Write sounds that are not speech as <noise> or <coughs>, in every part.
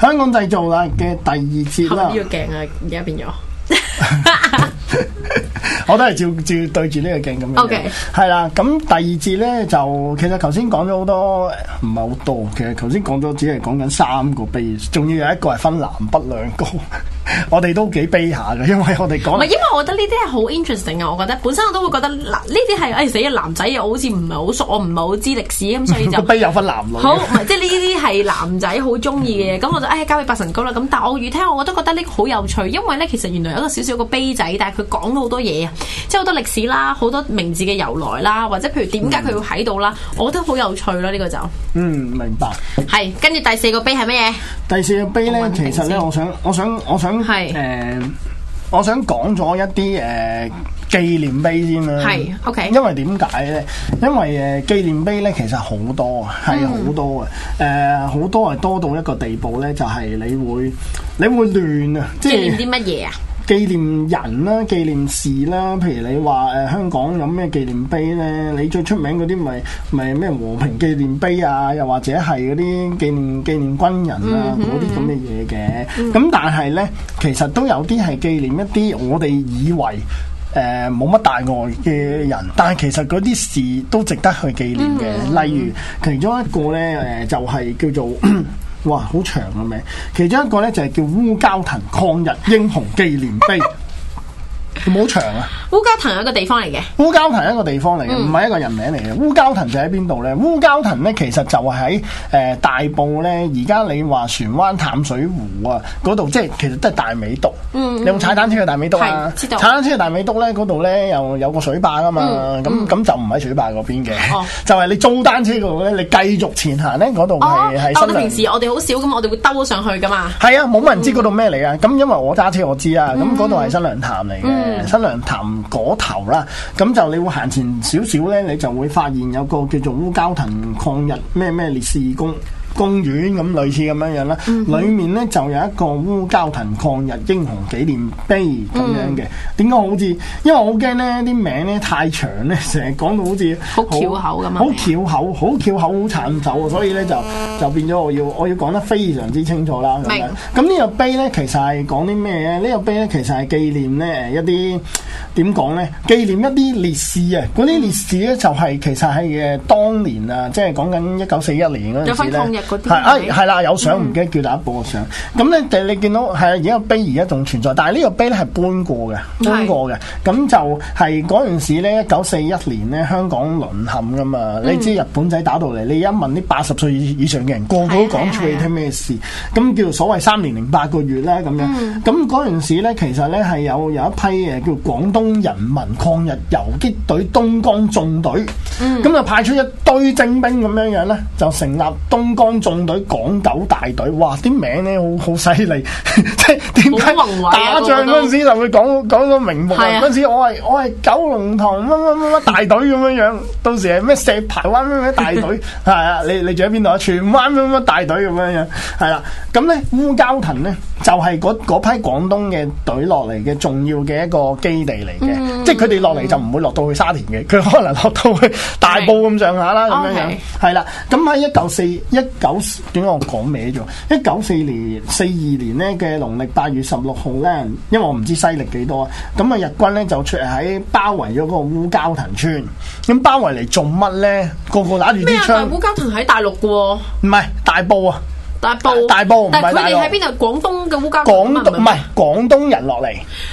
香港製造啦嘅第二節啦，要鏡啊而家變咗 <laughs> <laughs> 我都係照照對住呢個鏡咁樣 Okay.。O K，係啦，咁第二節咧就其實頭先講咗好多，唔係好多。其實頭先講咗只係講緊三個碑，仲要有一個係分南北兩個。 <laughs> <music> 我哋都幾悲下嘅，因為我哋講唔係，因為我覺得呢啲係好 interesting 啊！我覺得本身我都會覺得嗱，呢啲係誒死嘅男仔又好似唔係好熟，我唔係好知歷史咁，所以就 <laughs> 悲有分男女。好，唔係 <laughs> 即係呢啲係男仔好中意嘅，咁 <laughs> 我就誒、哎、交俾八神高啦。咁但我預聽，我都覺得呢個好有趣，因為咧其實原來有一個少少個碑仔，但係佢講咗好多嘢啊，即係好多歷史啦，好多名字嘅由來啦，或者譬如點解佢要喺度啦，嗯、我覺得好有趣囉呢個就嗯，明白係，跟住第四個碑係乜嘢？第四個碑咧，其實咧，我想我想我想。我想係，誒、嗯呃，我想講咗一啲誒紀念碑先啦。係，OK。因為點解咧？因為誒紀念碑咧，其實好多，係好多嘅。誒、嗯，好多係多到一個地步咧，就係你會你會亂啊，即係啲乜嘢啊？紀念人啦、紀念事啦，譬如你話誒、呃、香港有咩紀念碑呢？你最出名嗰啲咪咪咩和平紀念碑啊，又或者係嗰啲紀念紀念軍人啊嗰啲咁嘅嘢嘅。咁但係呢，其實都有啲係紀念一啲我哋以為冇乜、呃、大礙嘅人，但係其實嗰啲事都值得去紀念嘅。嗯嗯，例如其中一個呢，誒、呃、就係、是、叫做。哇，好長個、啊、名，其中一個咧就係、是、叫烏蛟騰抗日英雄紀念碑。冇長啊！烏蛟騰一個地方嚟嘅，烏蛟騰一個地方嚟嘅，唔係一個人名嚟嘅。烏蛟騰就喺邊度咧？烏蛟騰咧其實就係喺誒大埔咧。而家你話船灣淡水湖啊嗰度，即係其實都係大美督。你有冇踩單車去大美督？啊？踩單車去大美督咧，嗰度咧又有個水壩啊嘛。嗯。咁咁就唔喺水壩嗰邊嘅，就係你租單車嗰度咧，你繼續前行咧，嗰度係係新。我平時我哋好少咁，我哋會兜上去噶嘛。係啊，冇乜人知嗰度咩嚟啊！咁因為我揸車我知啊，咁嗰度係新娘潭嚟嘅。新娘、嗯、 <noise> 潭嗰頭啦，咁就你會行前少少呢，你就會發現有個叫做烏蛟騰抗日咩咩烈士義工。公園咁類似咁樣樣啦，裡面呢就有一個烏蛟騰抗日英雄紀念碑咁樣嘅。點解、嗯、好似？因為我好驚呢啲名呢太長呢，成日講到好似好巧口咁樣！好巧口，好巧口，好殘手，所以呢，就就變咗我要我要講得非常之清楚啦。樣明咁白呢個碑呢，呢個、碑其實係講啲咩呢？呢個碑呢，其實係紀念呢一啲點講呢？紀念一啲烈士啊！嗰啲烈士呢、就係，就係其實係嘅當年啊，即係講緊一九四一年嗰陣時呢。係、嗯、啊，係啦，有相唔記得叫大家播相。咁、嗯、咧，嗯、你你見到係啊，而家個碑而家仲存在，但係呢個碑咧係搬過嘅，是搬過嘅。咁、嗯、就係嗰陣時咧，一九四一年咧，香港淪陷噶嘛。你知日本仔打到嚟，你一問啲八十歲以以上嘅人，個個都講出去聽咩事。咁叫做所謂三年零八個月咧咁樣。咁嗰陣時咧，其實咧係有有一批誒叫廣東人民抗日游擊隊東江縱隊。咁、嗯嗯、就派出一堆精兵咁樣樣咧，就成立東江。中隊、港九大隊，哇！啲名咧好好犀利，即係點解打仗嗰陣時就會講講個名目啊？嗰是、啊、時我係我係九龍塘乜乜乜乜大隊咁樣樣，到時係咩石排灣乜乜大隊，係 <laughs> 啊！你你住喺邊度啊？荃灣乜乜大隊咁、啊、樣樣，係啦。咁咧烏蛟騰咧就係、是、嗰批廣東嘅隊落嚟嘅重要嘅一個基地嚟嘅，嗯、即係佢哋落嚟就唔會落到去沙田嘅，佢可能落到去大埔咁上下啦，咁是樣樣係啦。咁喺一九四一。九點解我講歪咗？一九四年四二年咧嘅農曆八月十六號咧，因為我唔知西曆幾多啊，咁啊日軍咧就出喺包圍咗個烏蛟騰村，咁包圍嚟做乜咧？個個打住支槍。咩啊？烏蛟騰喺大陸嘅喎。唔係大埔啊。大埔大。大埔。唔係佢哋喺邊度？廣東啊。廣東，唔係廣東人落嚟，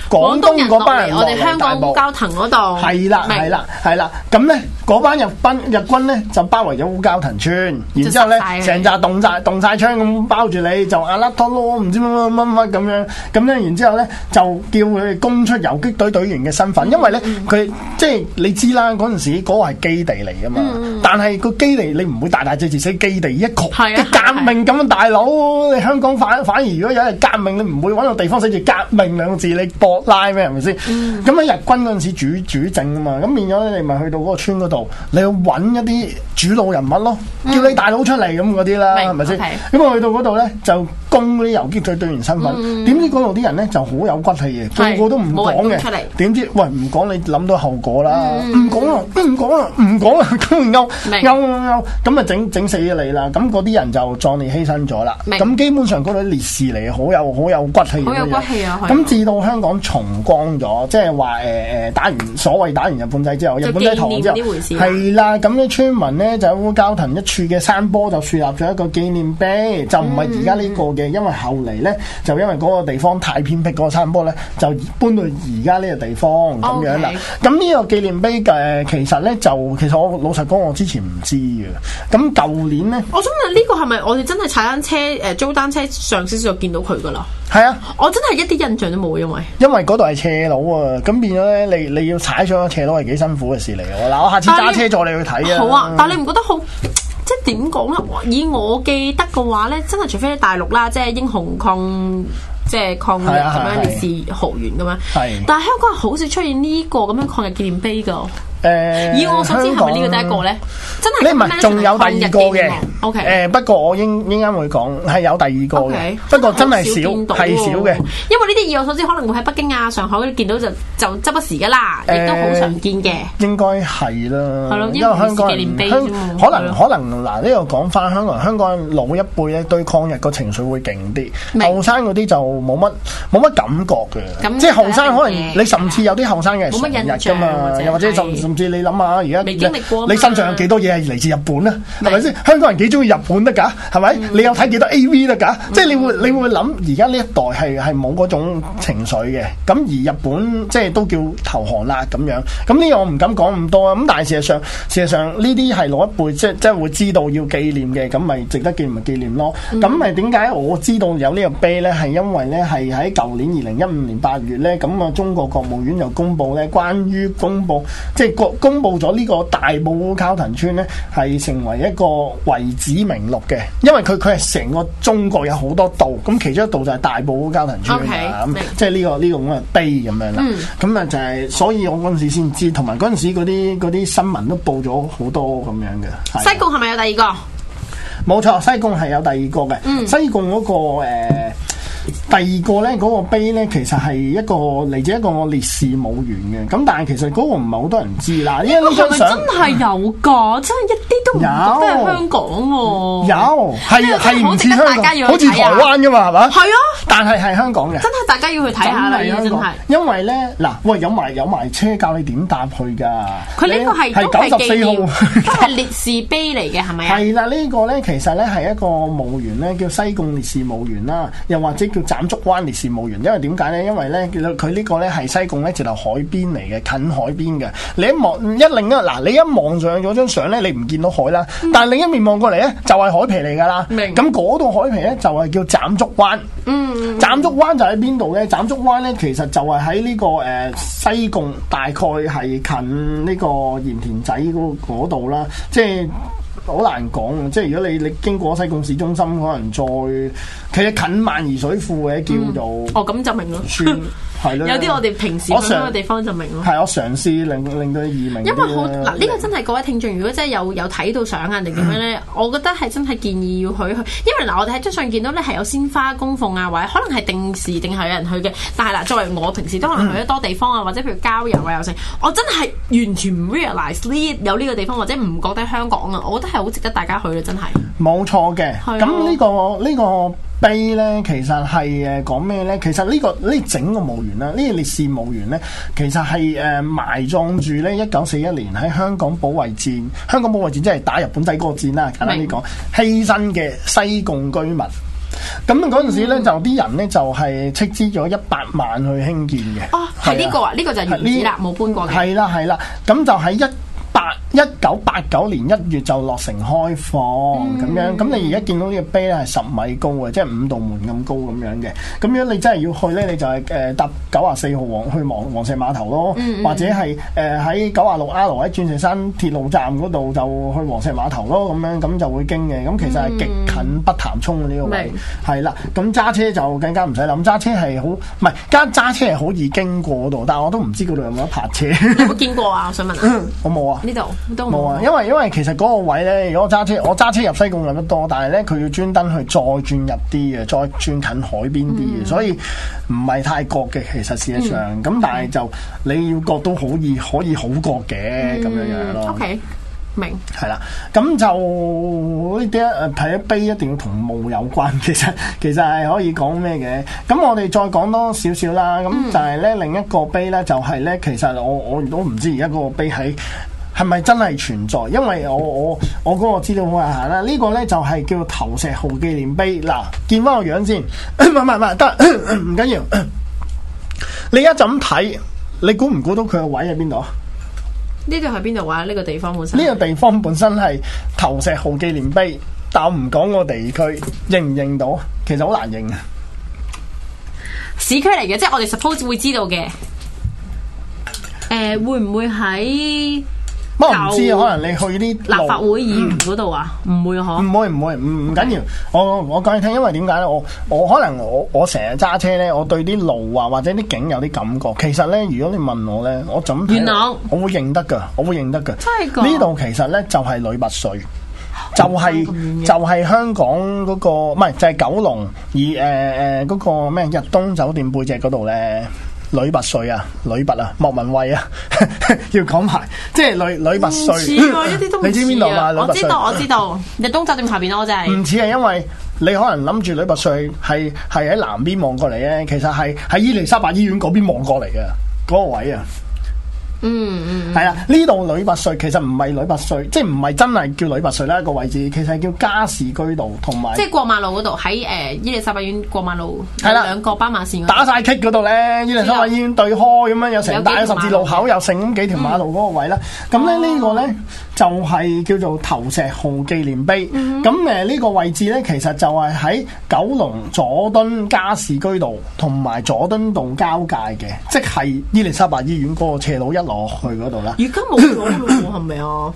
廣東嗰班人落嚟大埔，烏蛟騰嗰度係啦係啦係啦，咁咧班人兵日軍咧就包圍咗烏蛟騰村，然之後咧成扎凍晒凍晒槍咁包住你，就阿笠拖囉唔知乜乜乜乜咁樣，咁咧然之後咧就叫佢哋供出遊擊隊隊員嘅身份，因為咧佢即係你知啦，陣時個係基地嚟啊嘛，但係個基地你唔會大大隻隻死基地一局革命咁大佬，你香港反反而如果有日革命你唔會揾個地方寫住革命兩個字，你博拉咩？係咪先？咁喺日軍嗰陣時主主政啊嘛，咁變咗你咪去到嗰個村嗰度，你要揾一啲主腦人物咯，叫你大佬出嚟咁嗰啲啦，係咪先？咁啊去到嗰度咧就攻嗰啲遊擊隊隊員身份，點知嗰度啲人咧就好有骨氣嘅，個個都唔講嘅。點知喂唔講你諗到後果啦？唔講啦，唔講啦，唔講啦，咁然咁啊整整死咗你啦！咁嗰啲人就壯烈犧牲咗啦。咁基本上嗰度烈士嚟好。又好有骨氣，好有骨氣啊！咁至到香港重光咗，即係話誒誒，打完所謂打完日本仔之後，啊、日本仔逃之後，係啦。咁啲村民咧就喺烏蛟騰一處嘅山坡，就樹立咗一個紀念碑，就唔係而家呢個嘅，嗯、因為後嚟咧就因為嗰個地方太偏僻，嗰個山坡咧就搬到而家呢個地方咁 Okay. 樣啦。咁呢個紀念碑誒，其實咧就其實我老實講，我之前唔知嘅。咁舊年咧，我想問呢個係咪我哋真係踩單車誒租單車上少少見到佢、那個？係啊，我真係一啲印象都冇，因為因為嗰度係斜路啊，咁變咗咧，你你要踩上個斜路係幾辛苦嘅事嚟。嗱，我下次揸車載你去睇啊。好啊，但係你唔覺得好，即係點講咧？以我記得嘅話咧，真係除非喺大陸啦，即係英雄抗，即係抗日咁樣烈士豪員咁樣。係、啊啊啊啊啊啊，但係香港係好少出現呢個咁樣抗日紀念碑噶。誒以我所知，係咪呢個第一個咧？真係你唔仲有第二個嘅。O K，誒不過我應應該會講係有第二個嘅。不過真係少係少嘅，因為呢啲以我所知可能會喺北京啊、上海嗰啲見到就就執不時噶啦，亦都好常見嘅。應該係啦，因為香港可能可能嗱呢度講翻香港香港老一輩咧對抗日個情緒會勁啲，後生嗰啲就冇乜冇乜感覺嘅，即係後生可能你甚至有啲後生嘅唔抗日㗎嘛，又或者甚甚至你諗下，而家你身上有幾多嘢係嚟自日本咧？係咪先？香港人幾中意日本得㗎？係咪？你有睇幾多 A V 得㗎？嗯、即係你會，你會諗而家呢一代係係冇嗰種情緒嘅。咁而日本即係都叫投降啦咁樣。咁呢樣，樣我唔敢講咁多啊。咁但係事實上，事實上呢啲係老一輩即係即係會知道要紀念嘅。咁咪值得紀念咪紀念咯？咁咪點解我知道有呢個碑咧？係因為咧係喺舊年二零一五年八月咧，咁個中國國務院就公布咧關於公布即係。公布咗呢個大埔烏蛟騰村咧，係成為一個遺址名錄嘅，因為佢佢係成個中國有好多度，咁其中一度就係大埔烏蛟騰村嘅，咁 Okay,、啊、即係呢、這個呢個咁嘅碑咁樣啦。咁、嗯、啊就係、是，所以我嗰陣時先知，同埋嗰陣時嗰啲啲新聞都報咗好多咁樣嘅。西貢係咪有第二個？冇錯，西貢係有第二個嘅。嗯、西貢嗰、那個、呃第二個咧，嗰個碑咧，其實係一個嚟自一個烈士墓園嘅，咁但係其實嗰個唔係好多人知啦。呢張相真係有噶，真係一啲都唔覺得係香港喎。有係係唔似香港，好似台灣噶嘛，係嘛？係啊，但係係香港嘅。真係大家要去睇下啦，已經係。因為咧，嗱，喂，有埋有埋車教你點搭去噶。佢呢個係九十四號，都係烈士碑嚟嘅，係咪啊？係啦，呢個咧，其實咧係一個墓園咧，叫西貢烈士墓園啦，又或者叫斬竹灣烈士墓園，因為點解咧？因為咧，佢呢個咧係西貢咧，就喺海邊嚟嘅，近海邊嘅。你一望一另一，嗱，你一望上咗張相咧，你唔見到海啦。但係另一面望過嚟咧，就係海皮嚟噶啦。明咁嗰度海皮咧，就係叫斬竹灣。嗯，斬竹灣就喺邊度咧？斬竹灣咧，其實就係喺呢個誒西貢，大概係近呢個鹽田仔嗰度啦，即係。好難講啊！即係如果你你經過西貢市中心，可能再其實近萬宜水庫或者、嗯、叫做哦，咁就明咯村。 <laughs> <music> <music> 有啲我哋平時去嗰個地方就明咯，係我嘗試令令到你耳明。因為好嗱，呢、這個真係各位聽眾，如果真係有有睇到相啊定點樣咧，呢 <music> 我覺得係真係建議要佢去，因為嗱，我哋喺張相見到咧係有鮮花供奉啊，或者可能係定時定係有人去嘅。但係嗱，作為我平時都可能去得多地方啊，或者譬如郊遊啊，又剩，我真係完全唔 realize 呢有呢個地方或者唔覺得香港啊，我覺得係好值得大家去嘅，真係。冇錯嘅，咁呢個呢個。這個碑咧其實係誒講咩咧？其實呢個呢整個墓園啦，呢個烈士墓園咧，其實係誒埋葬住咧一九四一年喺香港保衛戰，香港保衛戰即係打日本仔嗰個戰啦。簡單啲講，犧牲嘅西貢居民。咁嗰陣時咧就啲人咧就係斥資咗一百萬去興建嘅。哦、啊，係呢個啊，呢、啊、個就原址啦，冇這搬過係啦係啦，咁、啊啊啊嗯、就喺、是、一。一九八九年一月就落成開放咁、嗯、樣，咁你而家見到呢個碑咧係十米高嘅，即係五道門咁高咁樣嘅。咁樣你真係要去咧，你就係誒搭九啊四號黃去黃黃石碼頭咯，嗯、或者係誒喺九啊六 R 喺鑽石山鐵路站嗰度就去黃石碼頭咯，咁樣咁就會經嘅。咁其實係極近北潭涌呢個位，係啦、嗯。咁揸車就更加唔使諗，揸車係好唔係？揸車係好易經過嗰度，但係我都唔知嗰度有冇得泊車。有冇見過啊？我想問。我冇啊。呢度 <coughs> <coughs> 冇啊，因為因為其實嗰個位咧，如果揸車，我揸車入西貢入得多，但係咧佢要專登去再轉入啲嘅，再轉近海邊啲嘅，所以唔係太過嘅。其實事實上，咁但係就你要過都可以，可以好過嘅咁樣樣咯。O K，明係啦。咁就呢啲啊，睇碑一定要同墓有關。其實其實係可以講咩嘅。咁我哋再講多少少啦。咁但係咧，另一個碑咧就係咧，其實我我都唔知而家嗰個碑喺。係咪真係存在？因為我我我嗰個我知道好眼行啦。嗯，這個、呢個咧就係、是、叫投石號紀念碑。嗱，見翻個樣先，唔唔唔得，唔緊要。你一就咁睇，你估唔估到佢個位喺邊度啊？呢度係邊度位啊？呢個地方本身呢個地方本身係投石號紀念碑，但我唔講個地區，認唔認到？其實好難認啊。市區嚟嘅，即係我哋 suppose 會知道嘅。誒、呃，會唔會喺？我唔知可能你去啲立法會議員嗰度啊，唔會嗬？唔會唔會唔唔緊要。我我講你聽，因為點解咧？我我可能我我成日揸車咧，我對啲路啊或者啲景有啲感覺。其實咧，如果你問我咧，我總來我會認得噶，我會認得噶。真係呢度其實咧就係女拔萃，就係、是、就係香港嗰、那個唔係就係、是、九龍，而誒誒嗰個咩日東酒店背脊嗰度咧。女拔萃啊，女拔啊，莫文蔚啊， <laughs> 要講埋，即係女女拔萃，拔啊嗯啊啊、你知邊度啊，啊我？我知道我知道， <laughs> 你東集店下邊咯、就是，即係、啊。唔似係因為你可能諗住女拔萃係係喺南邊望過嚟咧，其實係喺伊利沙伯醫院嗰邊望過嚟嘅嗰位啊。嗯嗯，係、嗯、啊！呢度女伯穗其實唔係女伯穗，即係唔係真係叫女伯穗啦。一個位置其實係叫加士居道同埋，即係過馬路度喺誒，伊利沙伯醫院過馬路係啦，兩個斑馬線打晒卡嗰度咧，伊利沙伯醫院對開咁樣道有成大個十字路口，又剩幾條馬路、嗯、個位啦。咁咧、嗯、呢個咧就係、是、叫做投石號紀念碑。咁誒呢個位置咧，其實就係喺九龍佐敦加士居道同埋佐敦道交界嘅，即係伊利沙伯醫院個斜路一，落去嗰度啦，而家冇咗咯，係咪 <coughs> 啊？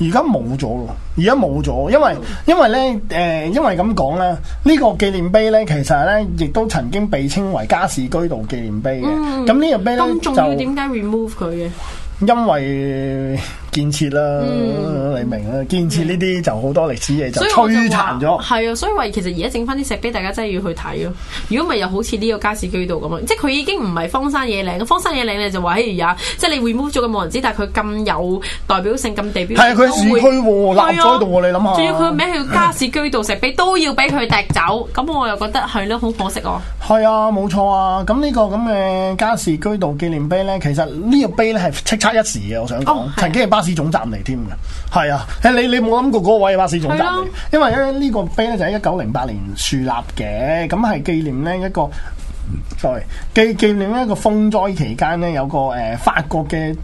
而家冇咗咯，而家冇咗，因為因為咧，誒，因為咁講咧，呃、呢、這個紀念碑咧，其實咧，亦都曾經被稱為加士居道紀念碑嘅。咁呢、嗯、個碑咧仲要點解就 remove 佢嘅？因為。建設啦，嗯、你明啦，建設呢啲就好多歷史嘢就摧殘咗。係啊，所以話其實而家整翻啲石碑，大家真係要去睇咯。如果咪又好似呢個加士居道咁樣，即係佢已經唔係荒山野嶺啊！荒山野嶺咧就話哎呀，即係你 remove 咗個冇人知，但係佢咁有代表性、咁地表。」係啊，佢喺市區喎、啊，難再度喎，你諗下？仲要佢名叫加士居道石碑、嗯、都要俾佢踢走，咁我又覺得係咯，好、啊、可惜咯。係啊，冇錯啊。咁呢個咁嘅加士居道紀念碑咧，其實呢個碑咧係叱咤一時嘅，我想講曾經包。哦巴士總站，嚟添嘅。係啊，誒，你你冇諗過嗰位巴士總站？因為咧呢個碑咧就喺一九零八年樹立嘅，咁係紀念呢一個，sorry，記，紀念呢一個風災期間咧有個誒、呃、法國嘅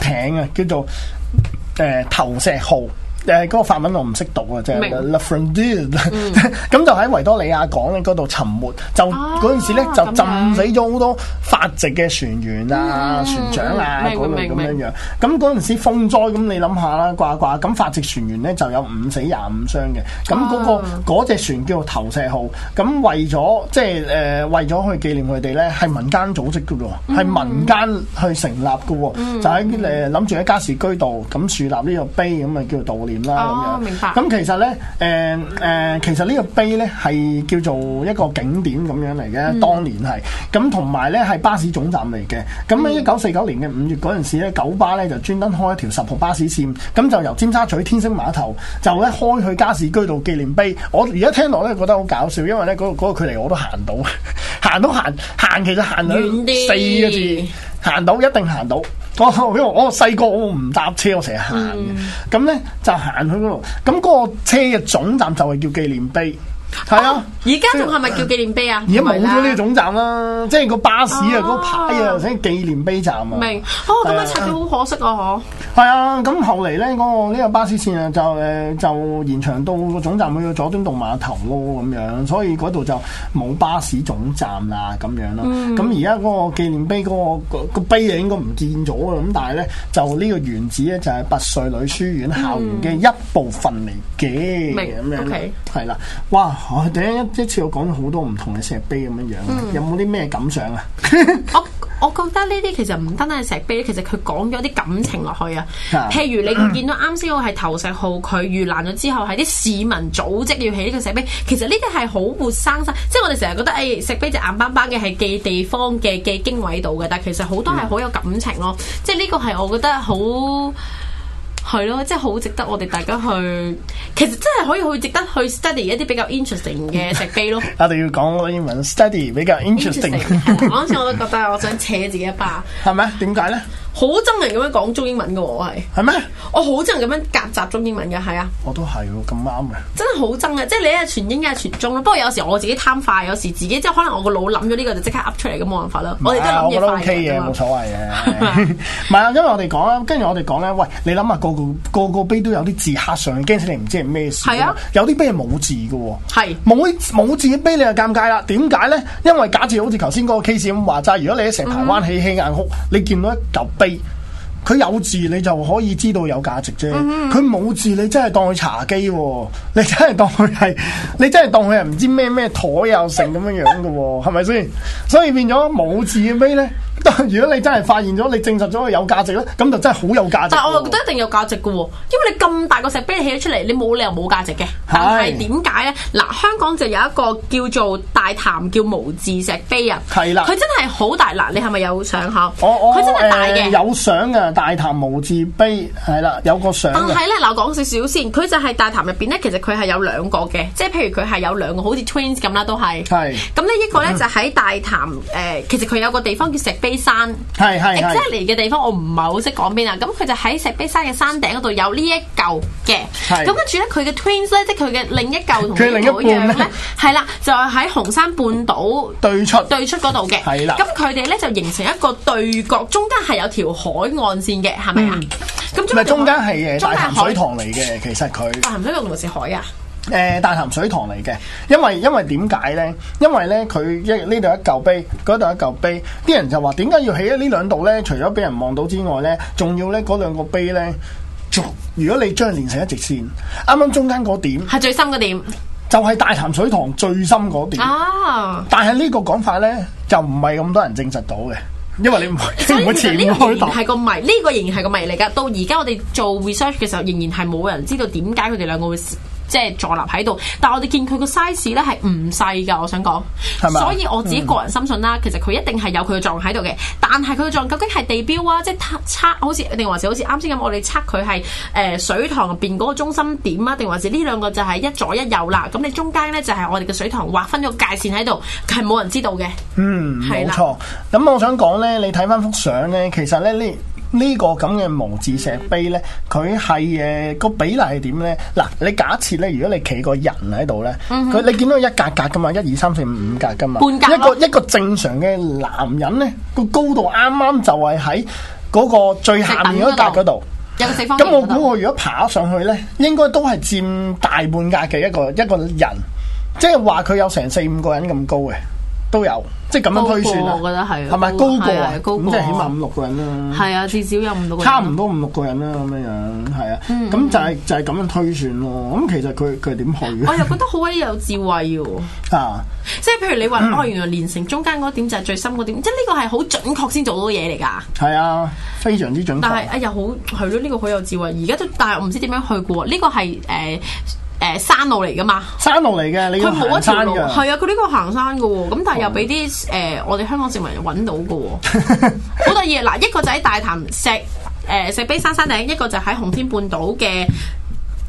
艇啊，叫做誒投石號。誒嗰個法文我唔識讀啊，即係 Lafronde，咁就喺維多利亞港嗰度沉沒，就嗰陣時咧就浸死咗好多法籍嘅船員啊、船長啊嗰類咁樣樣。咁嗰陣時風災，咁你諗下啦，掛掛。咁法籍船員咧就有五死廿五傷嘅。咁嗰個隻船叫做投射號。咁為咗即係誒為咗去紀念佢哋咧，係民間組織嘅喎，係民間去成立嘅喎，就喺誒諗住喺加士居道咁樹立呢個碑，咁咪叫做悼念。啦咁樣，咁、哦、明白、其實咧，誒、呃、誒、呃，其實呢個碑咧係叫做一個景點咁樣嚟嘅，嗯、當年係，咁同埋咧係巴士總站嚟嘅，咁喺一九四九年嘅五月嗰陣時咧，嗯、九巴咧就專登開一條十號巴士線，咁就由尖沙咀天星碼頭就咧開去加士居道紀念碑，我而家聽落咧覺得好搞笑，因為咧嗰、嗰個嗰個距離我都行到，行都行，行其實行兩四個字。行到一定行到，我、哦、因為細個我唔搭車，我成日行咁咧、嗯、就行去嗰度，咁嗰個車嘅總站就係叫紀念碑。係啊，而家仲係咪叫紀念碑啊？而家冇咗呢個總站啦，即係個巴士啊，嗰牌啊，先紀念碑站啊。明哦，咁樣拆咗好可惜啊！嗬。係啊，咁後嚟咧，個呢個巴士綫啊，就誒，就延長到個總站去咗佐敦道碼頭咯，咁樣，所以嗰度就冇巴士總站啦，咁樣咯。咁而家嗰個紀念碑嗰個個碑啊，應該唔見咗啊。咁但係咧，就呢個原址咧，就係拔萃女書院校園嘅一部分嚟嘅。明。O K。係啦，哇！哦、第一一次我講咗好多唔同嘅石碑咁樣樣，嗯、有冇啲咩感想啊？ <laughs> 我我覺得呢啲其實唔單單係石碑，其實佢講咗啲感情落去啊。嗯、譬如你見到啱先嗰個係投石號，佢遇難咗之後，係啲市民組織要起呢個石碑，其實呢啲係好活生生。即係我哋成日覺得，誒、哎、石碑就硬邦邦嘅，係記地方嘅記經緯度嘅，但係其實好多係好有感情咯。嗯、即係呢個係我覺得好。係咯，即係好值得我哋大家去，其實真係可以好值得去 study 一啲比較 interesting 嘅石碑咯。我哋 <laughs> 要講英文 study 比較 interesting, interesting、 <laughs> 嗯。嗰陣我都覺得我想扯自己一巴，係咪啊？點解咧？好憎人咁樣講中英文噶，我係係咩？嗎我好憎人咁樣夾雜中英文噶，係啊！我都係喎，咁啱嘅。真係好憎啊！即係你一係全英，一，係全中咯。不過有時我自己貪快，有時自己即係可能我個腦諗咗呢個就即刻 up 出嚟，咁冇辦法啦。是我哋都諗嘢快啲。我覺得 O K 嘅，冇所謂嘅。係 <laughs> 啊，唔係啊？因為我哋講啦，跟住我哋講咧，喂，你諗下個個個個碑都有啲字刻上，驚死你唔知係咩事。係啊，有啲碑係冇字噶，係冇冇字嘅碑你又尷尬啦。點解咧？因為假設好似頭先嗰個 case 咁話齋，如果你喺成台彎起、起硬哭，你見到一嚿。佢有字你就可以知道有價值啫，佢冇字你真係當佢茶幾，你真係當佢係、哦，你真係當佢係唔知咩咩台又成咁樣樣嘅喎，係咪先？所以變咗冇字嘅杯咧。但係如果你真係發現咗，你證實咗佢有價值咧，咁就真係好有價值。價值啊，但我又覺得一定有價值嘅喎，因為你咁大個石碑起咗出嚟，你冇理由冇價值嘅。但係點解咧？嗱，香港就有一個叫做大潭叫無字石碑啊，係啦的，佢真係好大。嗱，你係咪有相下、哦哦、佢真係大嘅、呃，有相啊！大潭無字碑係啦，有個相。但係咧，嗱，講少少先，佢就係大潭入邊咧，其實佢係有兩個嘅，即係譬如佢係有兩個好似 twins 咁啦，都係係。咁的呢一個咧就喺、是、大潭誒、呃，其實佢有個地方叫石碑。碑山，係係係，exactly 嘅地方我唔係好識講邊啊。咁佢就喺石碑山嘅山頂嗰度有呢一嚿嘅，咁跟住咧佢嘅 twins 咧即係佢嘅另一嚿同佢一樣咧，係啦，就係喺紅山半島對出對出嗰度嘅，係啦。咁佢哋咧就形成一個對角，中間係有條海岸線嘅，係咪啊？咁中唔係中間係大潭水塘嚟嘅，其實佢大潭水塘唔係食海啊。誒、呃、大潭水塘嚟嘅，因為因為點解咧？因為咧，佢一呢度一嚿碑，嗰度一嚿碑，啲人就話點解要起喺呢兩度咧？除咗俾人望到之外咧，仲要咧嗰兩個碑咧，如果你將連成一直線，啱啱中間嗰點係最深嗰點，就係大潭水塘最深嗰邊啊。但係呢個講法咧，就唔係咁多人證實到嘅，因為你唔會錢開拓係個迷呢 <laughs> 個仍然係個迷嚟噶。到而家我哋做 research 嘅時候，仍然係冇人知道點解佢哋兩個會。即係坐立喺度，但係我哋見佢個 size 咧係唔細㗎，我想講，吧所以我自己個人深信啦，嗯、其實佢一定係有佢嘅作用喺度嘅。但係佢嘅作用究竟係地標啊，即係測好似定還是好似啱先咁，我哋測佢係誒水塘入邊嗰個中心點啊，定還是呢兩個就係一左一右啦。咁你中間咧就係、是、我哋嘅水塘劃分咗界線喺度，係冇人知道嘅。嗯，冇錯。咁的我想講咧，你睇翻幅相咧，其實咧你。呢個咁嘅文字石碑呢，佢係誒個比例係點呢？嗱，你假設呢，如果你企個人喺度呢，佢、嗯、哼你見到一格格噶嘛，一二三四五五格噶嘛，一個一個正常嘅男人呢，個高度啱啱就係喺嗰個最下面嗰格嗰度，有個四方。咁我估我如果爬上去呢，應該都係佔大半格嘅一個一個人，即係話佢有成四五個人咁高嘅。都有，即係咁樣推算，我覺得係。係咪高過？高過，咁即係起碼五六個人啦。係啊，至少有五六個人。差唔多五六個人啦，咁樣樣係啊。咁就係就係咁樣推算咯。咁其實佢佢點去？我又覺得好鬼有智慧喎。啊，即係譬如你話，哦，原來連成中間嗰點就係最深嗰點，即係呢個係好準確先做到嘢嚟㗎。係啊，非常之準確。但係哎呀，好係咯，呢個好有智慧。而家都，但係我唔知點樣去過㗎。呢個係誒。誒山路嚟噶嘛？山路嚟嘅，你佢冇一條路，係啊，佢呢個行山嘅喎，哦，咁但係又俾啲誒我哋香港市民揾到嘅喎，哦，好得意！嗱，一個就喺大潭石誒、呃、石碑山山頂，一個就喺紅天半島嘅。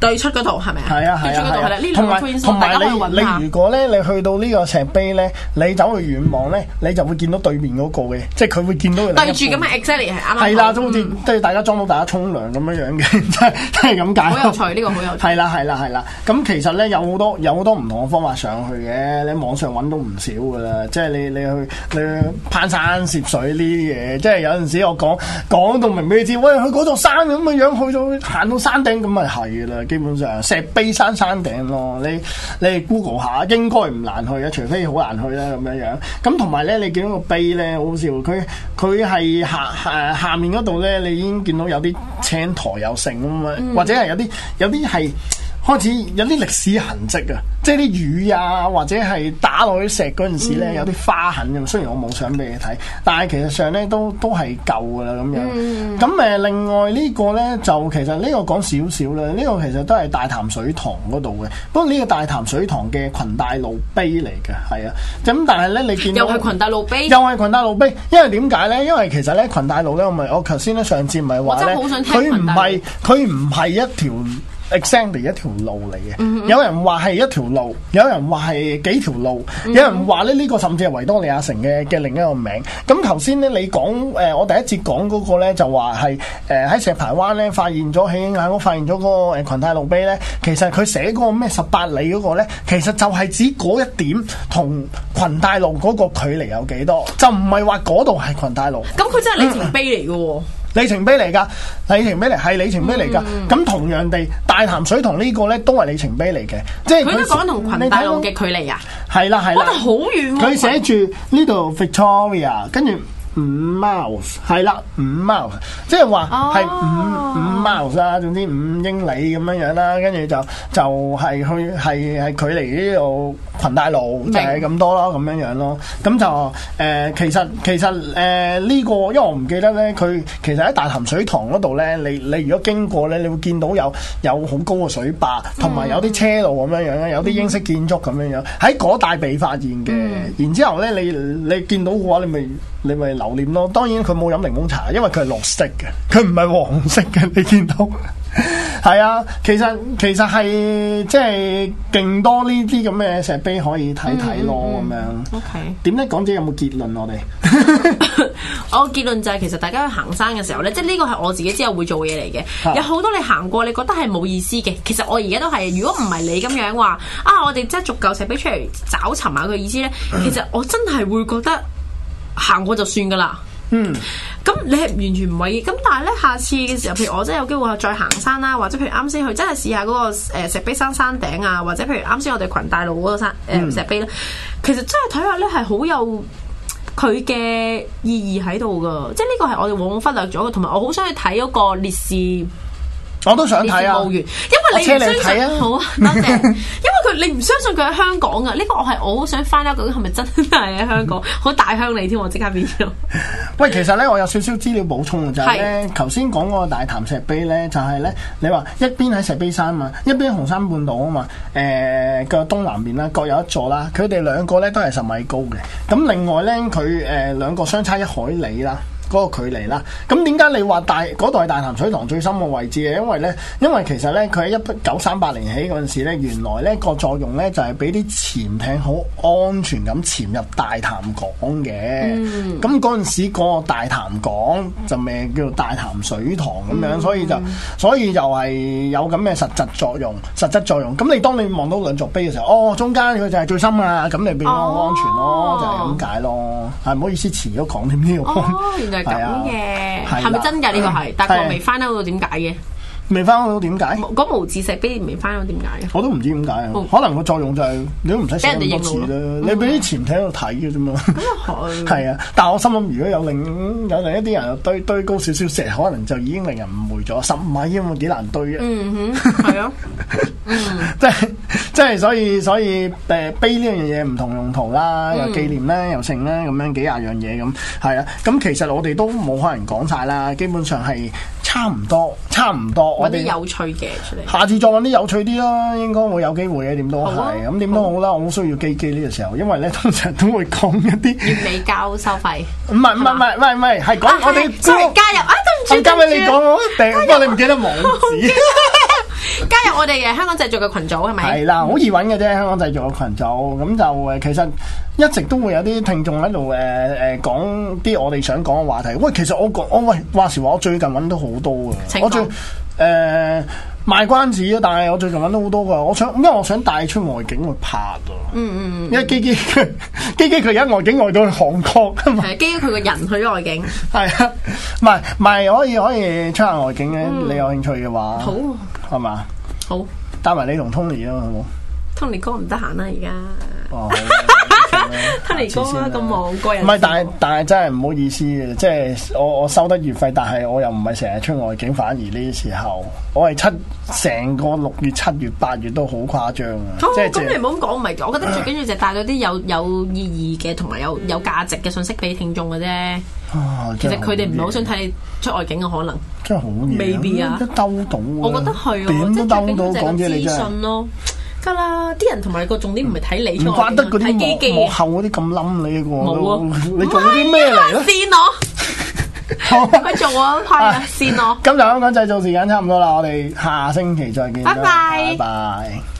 對出嗰度係咪啊？係啊係啊，呢同埋同埋你你如果咧你去到呢個石碑咧，你走去遠望咧，你就會見到對面嗰個嘅，即係佢會見到對住咁嘅 exactly 係啱啱。係啦，都好似都要大家裝到大家沖涼咁樣樣嘅，真係咁解。好有趣呢個好有趣。係啦係啦係啦，咁其實咧有好多有好多唔同嘅方法上去嘅，你喺網上揾到唔少噶啦，即係你你去你攀山涉水呢啲嘢，即係有陣時我講講到明畀你知，喂去嗰座山咁嘅樣去到行到山頂咁咪係啦。基本上石碑山山頂咯，你你 Google 下應該唔難去嘅，除非好難去啦咁樣樣。咁同埋咧，你見到個碑咧，好笑，佢佢係下誒、呃、下面嗰度咧，你已經見到有啲青苔有剩咁啊，嗯、或者係有啲有啲係。開始有啲歷史痕跡啊，即係啲雨啊，或者係打落去石嗰陣時咧，嗯、有啲花痕。咁雖然我冇想俾你睇，但係其實上咧都都係舊噶啦咁樣。咁誒、嗯，另外個呢個咧就其實呢個講少少啦。呢、這個其實都係大潭水塘嗰度嘅。不過呢個大潭水塘嘅群大路碑嚟嘅，係啊。咁但係咧，你見到又係群大路碑，又係群大路碑。因為點解咧？因為其實咧群大路咧，我咪我頭先咧上次咪話咧，佢唔係佢唔係一條。e x 一條路嚟嘅。嗯、哼有人話係一條路，有人話係幾條路，嗯、哼有人話咧呢個甚至係維多利亞城嘅嘅另一個名。咁頭先咧，你講誒，我第一次講嗰個咧，就話係誒喺石排灣咧發現咗喺眼科發現咗個誒裙帶路碑咧，其實佢寫嗰個咩十八里嗰個咧，其實就係指嗰一點同裙帶路嗰個距離有幾多，就唔係話嗰度係裙帶路，咁佢真係里程碑嚟嘅喎。嗯里程碑嚟噶，里程碑嚟，係里程碑嚟噶。咁、嗯、同樣地，大潭水同呢個咧都係里程碑嚟嘅，即係佢講緊同裙帶路嘅距離啊。係啦係啦，哇！好遠喎、啊，佢寫住呢度 Victoria，跟住。嗯五 miles 係啦，五 miles 即係話係五五 miles 啦，總之五英里咁樣樣啦，跟住就就係去係係距離呢度群帶路就係咁多啦，咁樣樣咯。咁就誒、呃，其實其實誒呢、呃呢個，因為我唔記得咧，佢其實喺大潭水塘嗰度咧，你你如果經過咧，你會見到有有好高嘅水壩，同埋有啲車路咁樣樣，有啲英式建築咁樣樣喺嗰帶被發現嘅。然之後咧，你你見到嘅話，你咪你咪留留念咯，當然佢冇飲檸檬茶，因為佢係綠色嘅，佢唔係黃色嘅。你見到係 <laughs> 啊？其實其實係即係勁多呢啲咁嘅石碑可以睇睇咯，咁、嗯、樣。O Okay . K。點解講者有冇結論我？ <laughs> <laughs> 我哋我結論就係其實大家去行山嘅時候咧，即係呢個係我自己之後會做嘢嚟嘅。 <laughs> 有好多你行過，你覺得係冇意思嘅。其實我而家都係，如果唔係你咁樣話啊，我哋即係逐嚿石碑出嚟找尋下佢意思咧。其實我真係會覺得。行過就算噶啦，嗯，咁你係完全唔係，咁但係咧，下次嘅時候，譬如，我真係有機會再行山啦，或者譬如啱先去真係試下嗰個誒石碑山山頂啊，或者譬如啱先我哋群大路嗰個山誒、呃、石碑咧，其實真係睇下咧係好有佢嘅意義喺度噶，即係呢個係我哋往往忽略咗嘅，同埋我好想去睇嗰個烈士。我都想睇啊！因為你唔相信，好啊，多謝很。 <laughs> 因為佢你唔相信佢喺香港噶，呢、這個我係我好想 find out 究竟係咪真係喺香港，好大鄉里添，我即刻變咗。 <laughs> 喂，其實咧，我有少少資料補充嘅就係咧，頭先講嗰個大潭石碑咧，就係、是、咧，你話一邊喺石碑山啊嘛，一邊紅山半島啊嘛，誒、呃、嘅東南面啦，各有一座啦。佢哋兩個咧都係十米高嘅，咁另外咧佢誒兩個相差一海里啦。嗰個距離啦，咁點解你話大嗰度係大潭水塘最深嘅位置啊？因為呢，因為其實呢，佢喺一九三八年起嗰陣時呢，原來呢、個作用呢，就係俾啲潛艇好安全咁潛入大潭港嘅。咁嗰陣時個大潭港就未叫做大潭水塘咁樣、嗯所，所以就所以就係有咁嘅實質作用，實質作用。咁你當你望到兩座碑嘅時候，哦，中間佢就係最深啊，咁你變咗好安全咯，哦、就係咁解咯。係，唔好意思遲咗講添呢個。哦就係咁嘅，係咪 <noise> 真噶呢個係？但係我未翻到點解嘅？未翻到點解？嗰無字石碑未翻到點解啊？我都唔知點解啊！Oh. 可能個作用就係你都唔使寫咁多字啦，你俾啲潛艇度睇嘅啫嘛。咁係。啊，但係我心諗，如果有另有另一啲人堆堆高少少石，可能就已經令人誤會咗。十五米咁幾難堆、mm hmm. <laughs> 啊？嗯哼，係啊。即係即係，所以所以誒，碑呢樣嘢唔同用途啦、mm.，又紀念啦，又剩啦，咁樣幾啊樣嘢咁，係啊。咁其實我哋都冇可能講晒啦，基本上係。差唔多，差唔多。我啲有趣嘅出嚟。下次再揾啲有趣啲啦，應該會有機會嘅。點都係，咁點都好啦。我好需要機機呢個時候，因為咧通常都會講一啲月費交收費。唔係唔係唔係唔係係講我哋加入啊！都唔知唔知，加埋你講，不過你唔記得網址。加入我哋嘅香港製造嘅群組係咪？係啦，好易揾嘅啫。香港製造嘅群組咁就誒，其實一直都會有啲聽眾喺度誒誒講啲我哋想講嘅話題。喂，其實我講我喂話時話我最近揾到好多嘅，請說 我最。誒、呃，賣關子啊！但係我最近揾到好多噶我想，因為我想帶出外景去拍咯、啊。嗯嗯，嗯因為基基基基佢而家外景外到去韓國嘛。係基基佢個人去外景去。係、嗯、啊，唔唔咪可以可以出下外景嘅，嗯、你有興趣嘅話。好係嘛？好，帶埋你同 Tony 啊，好冇？Tony 哥唔得閒啦，而家。哦。他嚟哥啊，咁好個人唔係，但係但係真係唔好意思嘅， <laughs> 即係我我收得月費，但係我又唔係成日出外景，反而呢時候我係七成個六月、七月、八月都好誇張啊！哦、即係是咁你唔好咁講，唔係，我覺得最緊要就係帶咗啲有有意義嘅同埋有有價值嘅信息俾聽眾嘅啫。啊、其實佢哋唔係好想睇你出外景嘅可能，真係好嘢，maybe 都兜到，我覺得係啊，點都兜到，講住嚟啫。 <laughs> 得啦，啲人同埋個重點唔係睇你，唔關得嗰啲幕後嗰啲咁冧你嘅喎。冇啊，你做啲咩嚟咧？開線咯，佢做啊，開線咯。今日香港製造時間差唔多啦，我哋下星期再見。拜拜拜。